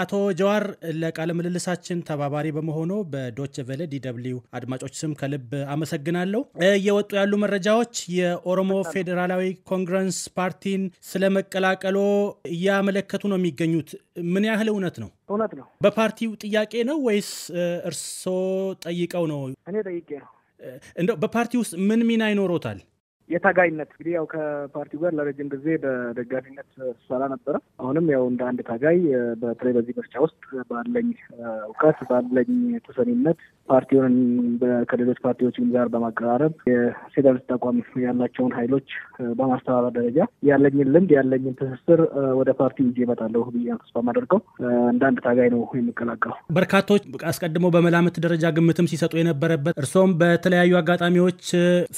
አቶ ጀዋር ለቃለ ምልልሳችን ተባባሪ በመሆኑ በዶች ቨለ ዲደብሊው አድማጮች ስም ከልብ አመሰግናለሁ። እየወጡ ያሉ መረጃዎች የኦሮሞ ፌዴራላዊ ኮንግረስ ፓርቲን ስለመቀላቀሎ እያመለከቱ ነው የሚገኙት። ምን ያህል እውነት ነው? እውነት ነው። በፓርቲው ጥያቄ ነው ወይስ እርሶ ጠይቀው ነው? እኔ ጠይቄ ነው። እንደው በፓርቲ ውስጥ ምን ሚና ይኖሮታል? የታጋይነት እንግዲህ ያው ከፓርቲው ጋር ለረጅም ጊዜ በደጋፊነት ስሰራ ነበረ። አሁንም ያው እንደ አንድ ታጋይ በተለይ በዚህ ምርጫ ውስጥ ባለኝ እውቀት ባለኝ ተሰሚነት ፓርቲውን ከሌሎች ፓርቲዎች ጋር በማቀራረብ የፌደራል ተቋም ያላቸውን ኃይሎች በማስተባበር ደረጃ ያለኝን ልምድ ያለኝን ትስስር ወደ ፓርቲው ይዤ እመጣለሁ ብዬ ተስፋ የማደርገው እንደ አንድ ታጋይ ነው የሚቀላቀለው። በርካቶች አስቀድሞ በመላምት ደረጃ ግምትም ሲሰጡ የነበረበት እርስዎም በተለያዩ አጋጣሚዎች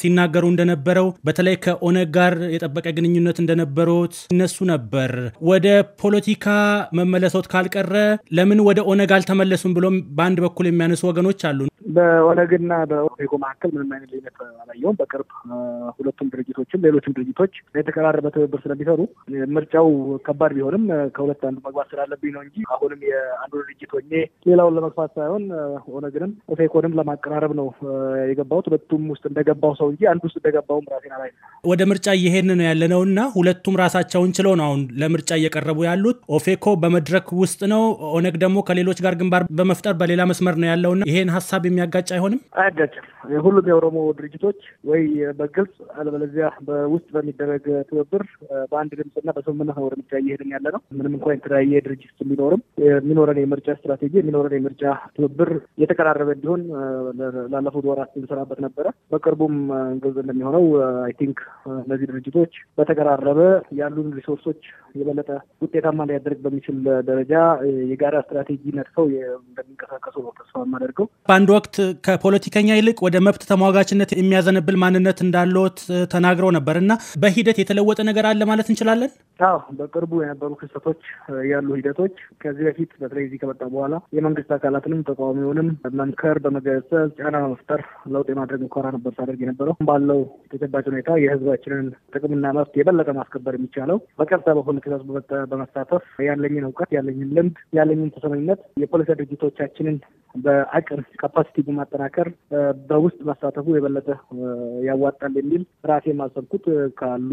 ሲናገሩ እንደነበረው በተለይ ከኦነግ ጋር የጠበቀ ግንኙነት እንደነበሩት ይነሱ ነበር። ወደ ፖለቲካ መመለሶት ካልቀረ ለምን ወደ ኦነግ አልተመለሱም ብሎም በአንድ በኩል የሚያነሱ ወገኖች አሉ። በኦነግና በኦፌኮ መካከል ምንም አይነት ልዩነት አላየውም። በቅርብ ሁለቱም ድርጅቶችም ሌሎችም ድርጅቶች የተቀራረበ ትብብር ስለሚሰሩ ምርጫው ከባድ ቢሆንም ከሁለት አንዱ መግባት ስላለብኝ ነው እንጂ አሁንም የአንዱ ድርጅት ሆኜ ሌላውን ለመግፋት ሳይሆን ኦነግንም ኦፌኮንም ለማቀራረብ ነው የገባሁት። ሁለቱም ውስጥ እንደገባው ሰው እንጂ አንዱ ውስጥ እንደገባውም ራሴን ላይ ወደ ምርጫ እየሄድን ነው ነው እና ሁለቱም ራሳቸውን ችለው ነው አሁን ለምርጫ እየቀረቡ ያሉት። ኦፌኮ በመድረክ ውስጥ ነው፣ ኦነግ ደግሞ ከሌሎች ጋር ግንባር በመፍጠር በሌላ መስመር ነው ያለውና ይሄን ሀሳብ የሚ የሚያጋጭ አይሆንም፣ አያጋጭም። ሁሉም የኦሮሞ ድርጅቶች ወይ በግልጽ አለበለዚያ በውስጥ በሚደረግ ትብብር በአንድ ድምፅና በስምምነት ነው እርምጃ እየሄድን ያለ ነው። ምንም እንኳን የተለያየ ድርጅት ቢኖርም የሚኖረን የምርጫ ስትራቴጂ የሚኖረን የምርጫ ትብብር የተቀራረበ እንዲሆን ላለፉት ወራት እንሰራበት ነበረ። በቅርቡም ግልጽ እንደሚሆነው አይ ቲንክ እነዚህ ድርጅቶች በተቀራረበ ያሉን ሪሶርሶች የበለጠ ውጤታማ ሊያደርግ በሚችል ደረጃ የጋራ ስትራቴጂ ነድፈው እንደሚንቀሳቀሱ ነው ተስፋ የማደርገው። በአንድ ወቅት ወቅት ከፖለቲከኛ ይልቅ ወደ መብት ተሟጋችነት የሚያዘነብል ማንነት እንዳለት ተናግረው ነበር እና በሂደት የተለወጠ ነገር አለ ማለት እንችላለን? አዎ፣ በቅርቡ የነበሩ ክስተቶች ያሉ ሂደቶች ከዚህ በፊት በተለይ እዚህ ከመጣ በኋላ የመንግስት አካላትንም ተቃዋሚውንም መምከር፣ በመገሰጽ ጫና በመፍጠር ለውጥ የማድረግ ሙከራ ነበር ሳደርግ የነበረው። ባለው ተጨባጭ ሁኔታ የህዝባችንን ጥቅምና መብት የበለጠ ማስከበር የሚቻለው በቀጥታ በሆነ ክስተት በመሳተፍ ያለኝን እውቀት ያለኝን ልምድ ያለኝን ተሰማኝነት የፖለቲካ ድርጅቶቻችንን በአቅር ካፓሲቲ በማጠናከር በውስጥ ማሳተፉ የበለጠ ያዋጣል የሚል ራሴ ማሰብኩት ካሉ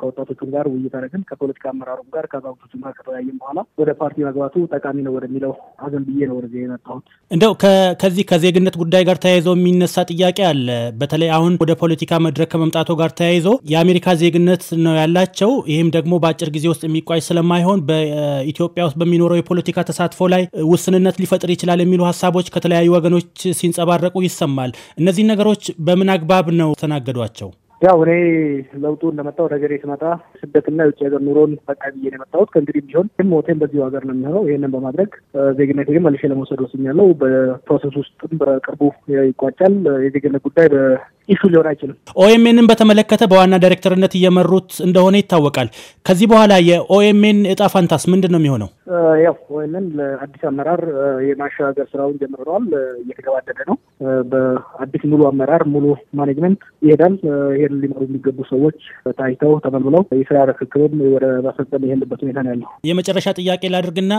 ከወጣቶቹም ጋር ውይይት አደረግን። ከፖለቲካ አመራሩም ጋር ከአዛውቶቹም ጋር ከተወያየን በኋላ ወደ ፓርቲ መግባቱ ጠቃሚ ነው ወደሚለው አዘን ብዬ ነው ወደዚህ የመጣሁት። እንደው ከዚህ ከዜግነት ጉዳይ ጋር ተያይዘው የሚነሳ ጥያቄ አለ። በተለይ አሁን ወደ ፖለቲካ መድረክ ከመምጣቱ ጋር ተያይዞ የአሜሪካ ዜግነት ነው ያላቸው። ይህም ደግሞ በአጭር ጊዜ ውስጥ የሚቋጭ ስለማይሆን በኢትዮጵያ ውስጥ በሚኖረው የፖለቲካ ተሳትፎ ላይ ውስንነት ሊፈጥር ይችላል የሚሉ ሀሳብ ሀሳቦች ከተለያዩ ወገኖች ሲንጸባረቁ ይሰማል። እነዚህ ነገሮች በምን አግባብ ነው ተናገዷቸው? ያው እኔ ለውጡ እንደመጣ ወደ ሀገሬ ስመጣ ስደትና የውጭ ሀገር ኑሮን በቃ ብዬ ነው የመጣሁት። ከእንግዲህ ቢሆን ግን ሞቴን በዚሁ ሀገር ነው የሚሆነው። ይህንን በማድረግ ዜግነት ግን መልሼ ለመውሰድ ወስኛለሁ። በፕሮሰስ ውስጥም በቅርቡ ይቋጫል። የዜግነት ጉዳይ ኢሹ ሊሆን አይችልም። ኦኤምኤንን በተመለከተ በዋና ዳይሬክተርነት እየመሩት እንደሆነ ይታወቃል። ከዚህ በኋላ የኦኤምኤን እጣ ፋንታስ ምንድን ነው የሚሆነው? ያው ኦኤምኤን ለአዲስ አመራር የማሸጋገር ስራውን ጀምረዋል። እየተገባደደ ነው። አዲስ ሙሉ አመራር ሙሉ ማኔጅመንት ይሄዳል። ይሄን ሊመሩ የሚገቡ ሰዎች ታይተው ተመልምለው የስራ ርክክብም ወደ ማስፈጸም ይሄንበት ሁኔታ ነው ያለው። የመጨረሻ ጥያቄ ላድርግና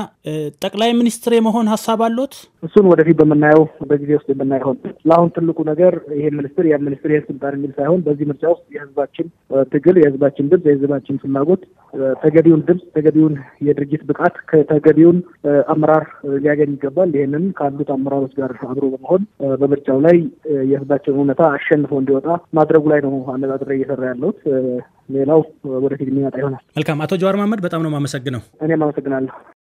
ጠቅላይ ሚኒስትር የመሆን ሀሳብ አሎት? እሱን ወደፊት በምናየው በጊዜ ውስጥ የምናየው። ለአሁን ትልቁ ነገር ይሄን ሚኒስትር ያን ሚኒስትር ይህን ስልጣን የሚል ሳይሆን በዚህ ምርጫ ውስጥ የህዝባችን ትግል፣ የህዝባችን ድምፅ፣ የህዝባችን ፍላጎት ተገቢውን ድምፅ፣ ተገቢውን የድርጅት ብቃት፣ ከተገቢውን አመራር ሊያገኝ ይገባል። ይህንን ካሉት አመራሮች ጋር አብሮ በመሆን በምርጫው ላይ የህዝባቸውን እውነታ አሸንፎ እንዲወጣ ማድረጉ ላይ ነው አነጣጥሬ እየሰራ ያለሁት። ሌላው ወደፊት የሚመጣ ይሆናል። መልካም። አቶ ጀዋር መሀመድ በጣም ነው የማመሰግነው። እኔም አመሰግናለሁ።